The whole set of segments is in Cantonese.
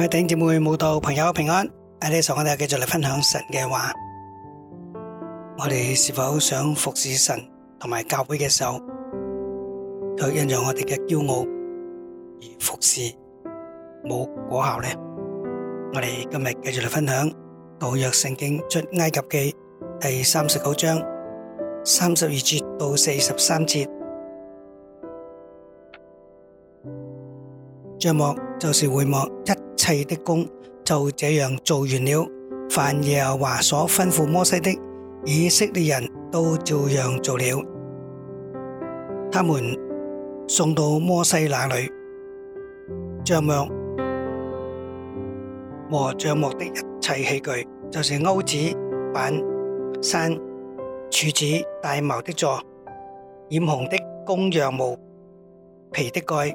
各位弟兄姊妹、聽眾朋友平安，喺呢上我哋繼續嚟分享神嘅話，我哋是否想服侍神同埋教會嘅時候，卻因着我哋嘅驕傲而服侍冇果效呢？我哋今日繼續嚟分享舊約聖經出埃及記第三十九章三十二節到四十三節，帳幕。就是會幕一切的工，就這樣做完了。凡耶和華所吩咐摩西的，以色列人都照樣做了。他們送到摩西那裏，帳幕和帳幕的一切器具，就是鉤子、板、山、柱子、帶卯的座、染紅的公羊毛皮的蓋。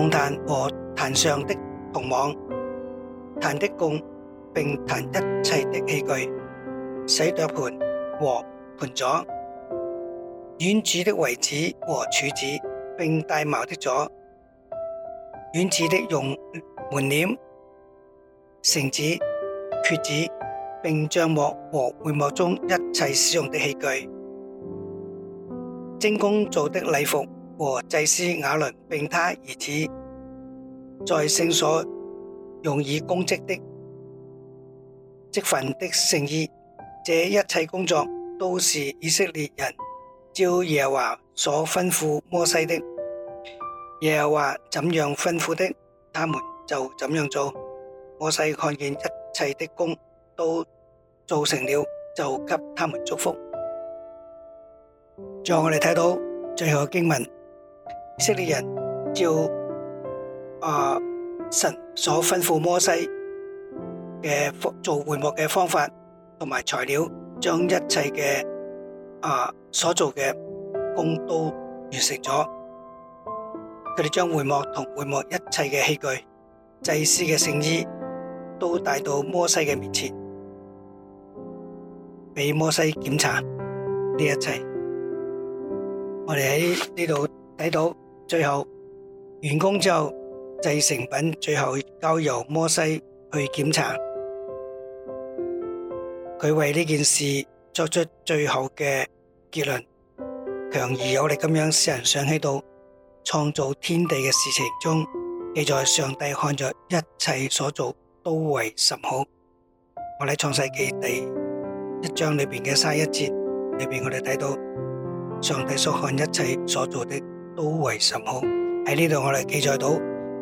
供壇和壇上的銅網、壇的供，並壇一切的器具、洗濯盆和盆座、院子的帷子和柱子，並帶卯的座、院子的用門簾、繩子、橛子，並帳幕和會幕中一切使用的器具、精工做的禮服。和祭司亞倫，並他兒子，在聖所用以供職的積份的聖衣，這一切工作都是以色列人照耶和華所吩咐摩西的。耶和華怎樣吩咐的，他們就怎樣做。摩西看見一切的工都做成了，就給他們祝福。最再我哋睇到最後經文。以色列人照啊神所吩咐摩西嘅，做會幕嘅方法同埋材料，將一切嘅、啊所做嘅工都完成咗。佢哋將會幕同會幕一切嘅器具、祭司嘅聖衣都帶到摩西嘅面前，俾摩西檢查呢一切。我哋喺呢度睇到。最後，完工之後，製成品最後交由摩西去檢查。佢為呢件事作出最後嘅結論，強而有力咁樣使人想起到創造天地嘅事情中，記載上帝看着一切所做都為甚好。我喺創世紀第一章裏面嘅三一節裏面，我哋睇到上帝所看一切所做的，都為什麼喺呢度？我哋記載到，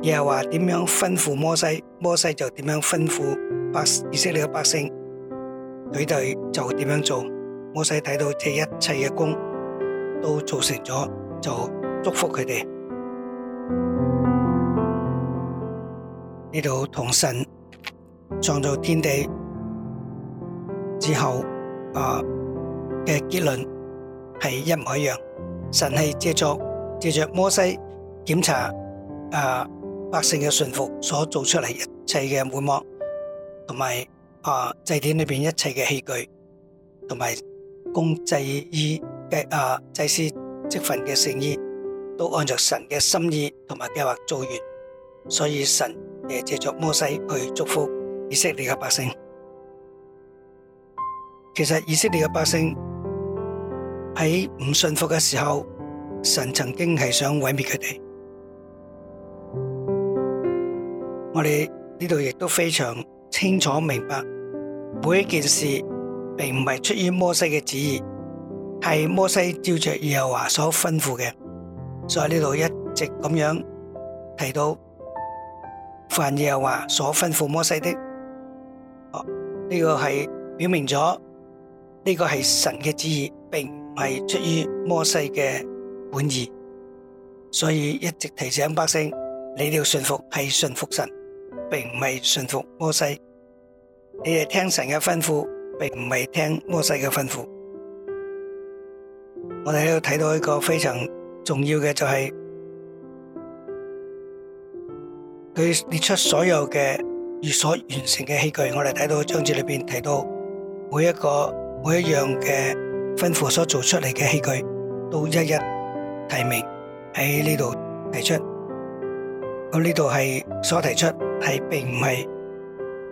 又係話點樣吩咐摩西，摩西就點樣吩咐巴以色列嘅百姓，佢哋就點樣做。摩西睇到這一切嘅工都做成咗，就祝福佢哋。呢度同神創造天地之後，誒嘅結論係一模一樣。神係借作。借着摩西檢查誒、啊、百姓嘅信服，所做出嚟一切嘅帷幕，同埋啊祭典裏邊一切嘅器具，同埋供祭衣嘅啊祭司職分嘅聖衣，都按着神嘅心意同埋計劃做完。所以神誒借着摩西去祝福以色列嘅百姓。其實以色列嘅百姓喺唔信服嘅時候，神曾經係想毀滅佢哋，我哋呢度亦都非常清楚明白每一件事，並唔係出於摩西嘅旨意，係摩西照着耶和華所吩咐嘅。所以呢度一直咁樣提到，凡耶和華所吩咐摩西的、哦，呢、這個係表明咗呢、這個係神嘅旨意，並唔係出於摩西嘅。本意，所以一直提醒百姓：你哋要信服係信服神，並唔係信服摩西。你哋聽神嘅吩咐，並唔係聽摩西嘅吩咐。我哋喺度睇到一個非常重要嘅，就係佢列出所有嘅月所完成嘅器具。我哋睇到章節裏邊提到每一個每一樣嘅吩咐所做出嚟嘅器具，都一一提名喺呢度提出，咁呢度係所提出係並唔係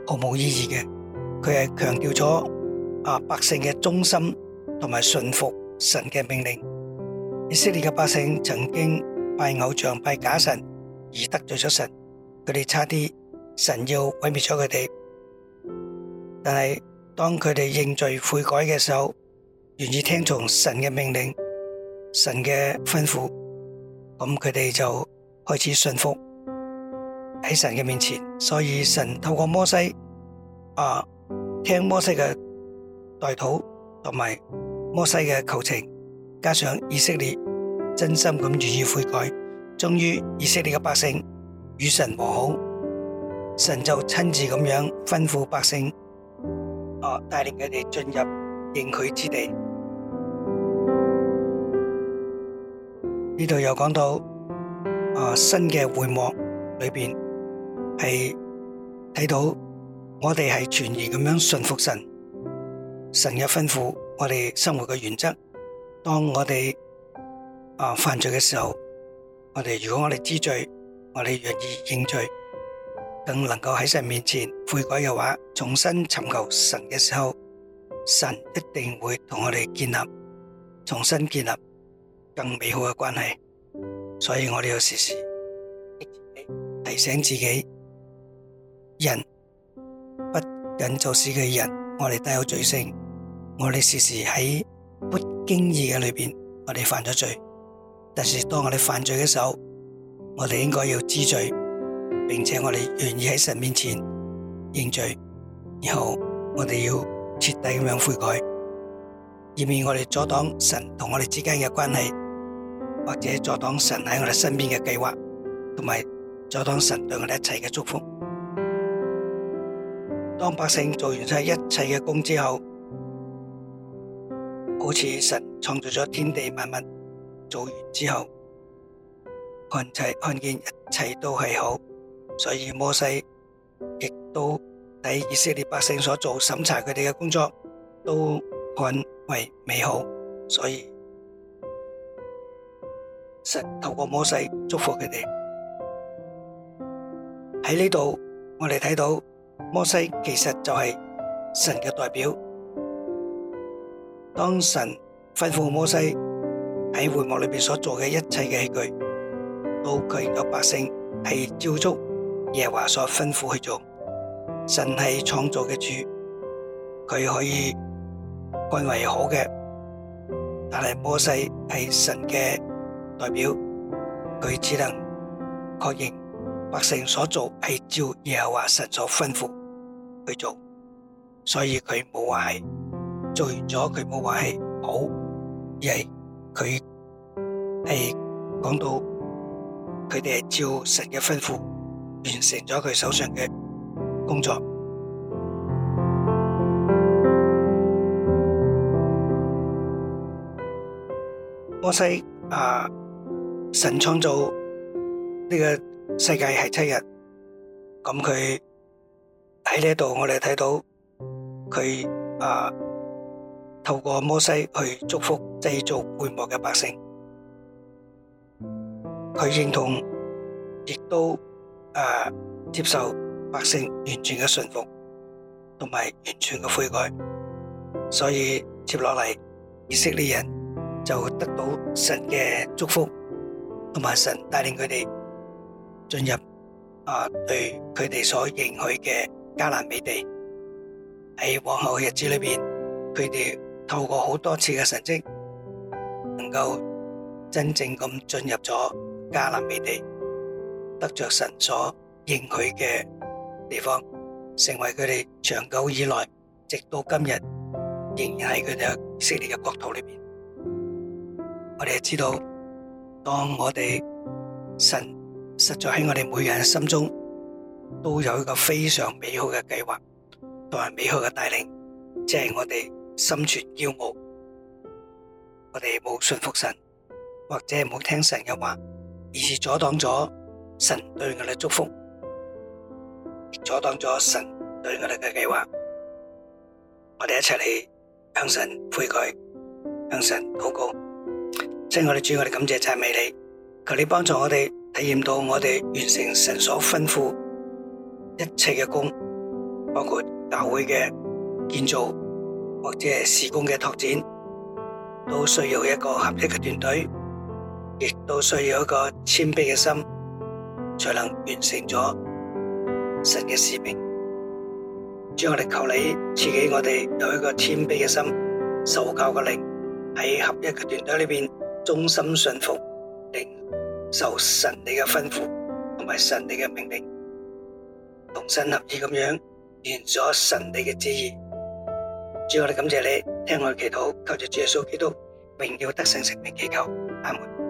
毫無意義嘅，佢係強調咗啊百姓嘅忠心同埋信服神嘅命令。以色列嘅百姓曾經拜偶像、拜假神而得罪咗神，佢哋差啲神要毀滅咗佢哋，但係當佢哋認罪悔改嘅時候，願意聽從神嘅命令。神嘅吩咐，咁佢哋就開始信服喺神嘅面前。所以神透過摩西啊，聽摩西嘅代禱，同埋摩西嘅求情，加上以色列真心咁予以悔改，終於以色列嘅百姓與神和好，神就親自咁樣吩咐百姓啊，帶領佢哋進入應許之地。呢度又講到，啊，新嘅會幕裏邊係睇到我哋係全然咁樣信服神，神嘅吩咐我哋生活嘅原則。當我哋啊犯罪嘅時候，我哋如果我哋知罪，我哋願意認罪，更能夠喺神面前悔改嘅話，重新尋求神嘅時候，神一定會同我哋建立，重新建立。更美好嘅關係，所以我哋要時時提醒自己，人不僅做事嘅人，我哋都有罪性。我哋時時喺不經意嘅裏邊，我哋犯咗罪。但是當我哋犯罪嘅時候，我哋應該要知罪，並且我哋願意喺神面前認罪，然後我哋要徹底咁樣悔改，以免我哋阻擋神同我哋之間嘅關係。或者阻擋神喺我哋身邊嘅計劃，同埋阻擋神對我哋一切嘅祝福。當百姓做完晒一切嘅工之後，好似神創造咗天地萬物，做完之後看齊看見一切都係好，所以摩西亦都睇以色列百姓所做審查佢哋嘅工作，都看為美好，所以。神透過摩西祝福佢哋。喺呢度，我哋睇到摩西其實就係神嘅代表。當神吩咐摩西喺會幕裏邊所做嘅一切嘅器具，到佢嘅百姓係照足耶和華所吩咐去做，神係創造嘅主，佢可以歸為好嘅，但係摩西係神嘅。代表佢只能確認百姓所做係照耶和華神所吩咐去做，所以佢冇話係做完咗，佢冇話係好，而係佢係講到佢哋係照神嘅吩咐完成咗佢手上嘅工作。摩西啊。神創造呢、這個世界是七日，咁佢喺呢度，我哋睇到佢啊透過摩西去祝福製造背摩嘅百姓，佢認同，亦都、啊、接受百姓完全嘅順服，同埋完全嘅悔改，所以接落嚟以色列人就得到神嘅祝福。同埋神帶領佢哋進入啊，對佢哋所應許嘅迦南美地。喺往後嘅日子裏邊，佢哋透過好多次嘅神蹟，能夠真正咁進入咗迦南美地，得着神所應許嘅地方，成為佢哋長久以來，直到今日仍然喺佢哋以色列嘅國土裏邊。我哋知道。當我哋神實在喺我哋每人心中都有一個非常美好嘅計劃同埋美好嘅帶領，即係我哋心存驕傲，我哋冇信服神，或者冇聽神嘅話，而係阻擋咗神對我哋嘅祝福，阻擋咗神對我哋嘅計劃，我哋一齊嚟向神悔改，向神禱告。即係我哋主，我哋感謝讚美你，求你幫助我哋體驗到我哋完成神所吩咐一切嘅工，包括教會嘅建造或者係事工嘅拓展，都需要一個合一嘅團隊，亦都需要一個謙卑嘅心，才能完成咗神嘅使命。主要我哋求你賜俾我哋有一個謙卑嘅心，受教嘅靈喺合一嘅團隊裏邊。忠心信服，領受神你嘅吩咐，同埋神你嘅命令，同心合意咁樣，完成咗神你嘅旨意。最後，我哋感謝你，聽我哋祈禱，靠着主耶穌基督榮耀得勝，聖名祈求，阿門。